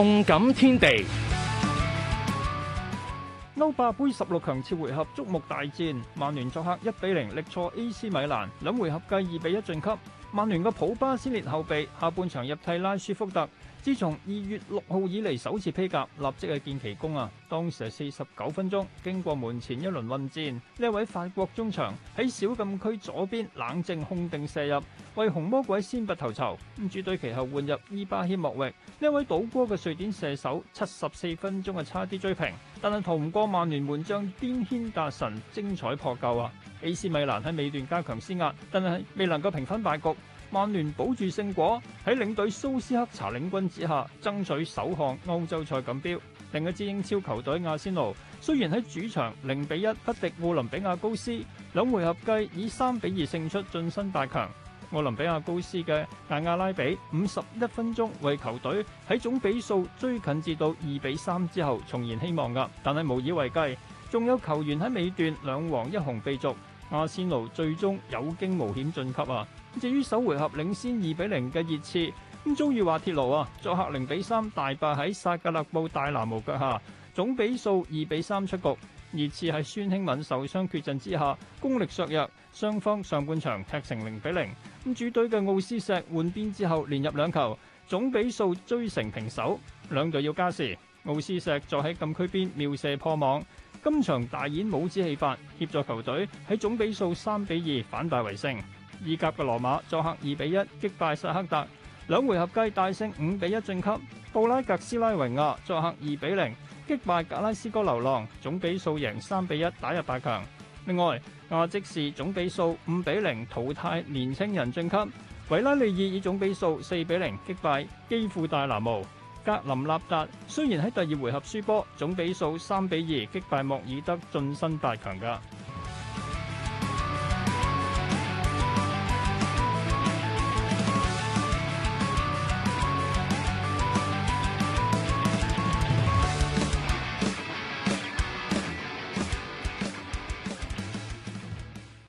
動感天地，歐霸盃十六強次回合矚目大戰，曼聯作客一比零力挫 AC 米蘭，兩回合計二比一晉級。曼聯嘅普巴先列後備，下半場入替拉舒福特。自從二月六號以嚟首次披甲，立即係建奇功啊！當時係四十九分鐘，經過門前一輪混戰，呢位法國中場喺小禁區左邊冷靜控定射入，為紅魔鬼先拔頭籌。咁主隊其後換入伊巴謙莫域，呢位倒戈嘅瑞典射手，七十四分鐘啊差啲追平，但係逃唔過曼聯門將甸軒達臣精彩破救啊！AC 米蘭喺尾段加強施壓，但係未能夠平分敗局。曼聯保住勝果喺領隊蘇斯克查領軍之下爭取首項歐洲賽錦標。另一支英超球隊阿仙奴雖然喺主場零比一不敵奧林比亞高斯，兩回合計以三比二勝出晉身八強。奧林比亞高斯嘅大亞拉比五十一分鐘為球隊喺總比數追近至到二比三之後重燃希望噶，但係無以為繼，仲有球員喺尾段兩黃一紅被逐。阿仙奴最終有驚無險晉級啊！至於首回合領先二比零嘅熱刺，咁遭遇滑鐵盧啊！作客零比三大敗喺薩格勒布戴拿模腳下，總比數二比三出局。熱刺喺孫興慜受傷缺陣之下，功力削弱，雙方上半場踢成零比零。主隊嘅奧斯石換邊之後連入兩球，總比數追成平手，兩隊要加時。奧斯石就喺禁區邊妙射破網。今場大演帽子戲法，協助球隊喺總比數三比二反敗為勝。意甲嘅羅馬作客二比一擊敗薩克達，兩回合計大勝五比一晉級。布拉格斯拉維亞作客二比零擊敗格拉斯哥流浪，總比數贏三比一打入八強。另外亞積士總比數五比零淘汰年輕人晉級。維拉利爾以總比數四比零擊敗基輔迪拿模。格林納達雖然喺第二回合輸波，總比數三比二擊敗莫爾德，晉身八強噶。